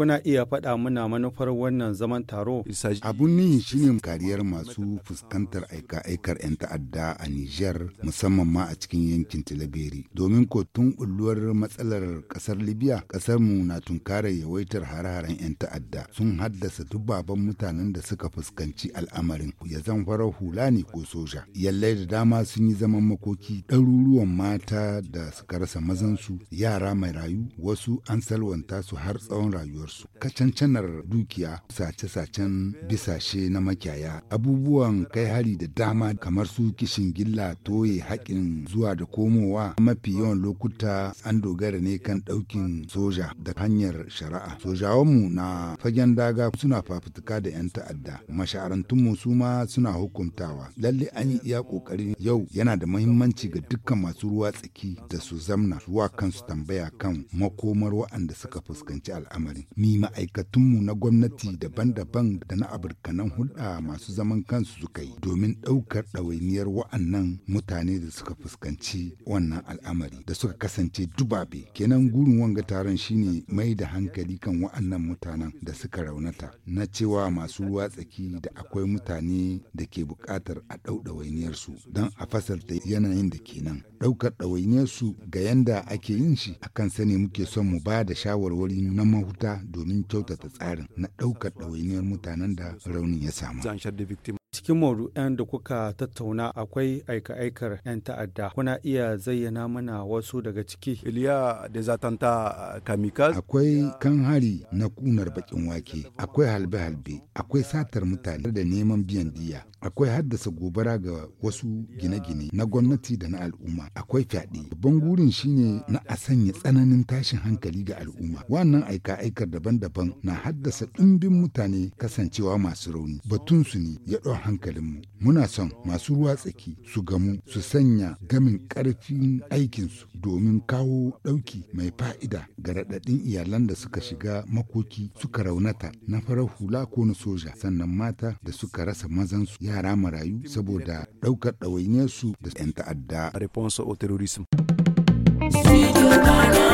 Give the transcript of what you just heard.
Kuna iya faɗa muna manufar wannan zaman taro? Abun nihi shine kariyar masu fuskantar aika-aikar 'yan ta'adda a niger musamman ma a cikin yankin Tilaberi. Domin ko tun bulluwar matsalar ƙasar Libya, ƙasar mu na tunkarar yawaitar hare-haren 'yan ta'adda sun haddasa dubaban mutanen da suka fuskanci al'amarin ya zan farar hula ne ko soja. Yallai da dama sun yi zaman makoki ɗaruruwan mata da suka rasa mazansu, yara mai rayu, wasu an salwanta su har tsawon rayuwar su kacancanar dukiya sace-sacen bisashe na makiyaya abubuwan kai hari da dama kamar su kishin gilla toye haƙin zuwa da komowa mafi yawan lokuta an dogara ne kan ɗaukin soja da hanyar shari'a sojawanmu na fagen daga suna fafutuka da 'yan ta'adda masha'arantunmu su ma suna hukuntawa lalle an yi iya ƙoƙarin yau yana da mahimmanci ga dukkan masu ruwa tsaki da su zamna zuwa kansu tambaya kan makomar waɗanda suka fuskanci al'amarin ni ma'aikatunmu na gwamnati daban-daban da na abirkanan hulɗa masu zaman kansu suka yi domin ɗaukar ɗawainiyar wa'annan mutane da suka fuskanci wannan al'amari da suka kasance dubabe kenan gurin wanga taron shine mai da hankali kan wa'annan mutanen da suka raunata na cewa masu ruwa tsaki da akwai mutane da ke buƙatar a ɗau ɗawainiyarsu don a fasalta yanayin da kenan ɗaukar ɗawainiyarsu ga yanda ake yin shi akan sani muke son mu ba da shawarwari na mahuta domin kyautata tsarin na ɗaukar ɗawainiyar mutanen da raunin ya samu. Cikin maudu'an da kuka tattauna akwai aika-aikar 'yan ta'adda. Kuna iya zayyana mana wasu daga ciki. Iliya da zatanta kamikaz. Akwai kan hari na kunar bakin wake, akwai halbe-halbe, akwai satar mutane da neman biyan diya. Akwai haddasa gobara ga wasu gine-gine na gwamnati da na al'umma. Akwai fyaɗe. Babban gurin shine na a sanya tsananin tashin hankali ga al'umma. Wannan aika-aikar daban-daban na haddasa ɗumbin mutane kasancewa masu rauni. Batun su ne ya ɗau hankalinmu muna son masu ruwa tsaki su gamu su sanya gamin ƙarfin aikinsu domin kawo ɗauki mai fa'ida ga raɗaɗin iyalan da suka shiga makoki suka raunata na farar hula ko na soja sannan mata da suka rasa mazansu yara marayu saboda ɗaukar ɗawainiyarsu da 'yan ta'adda. Studio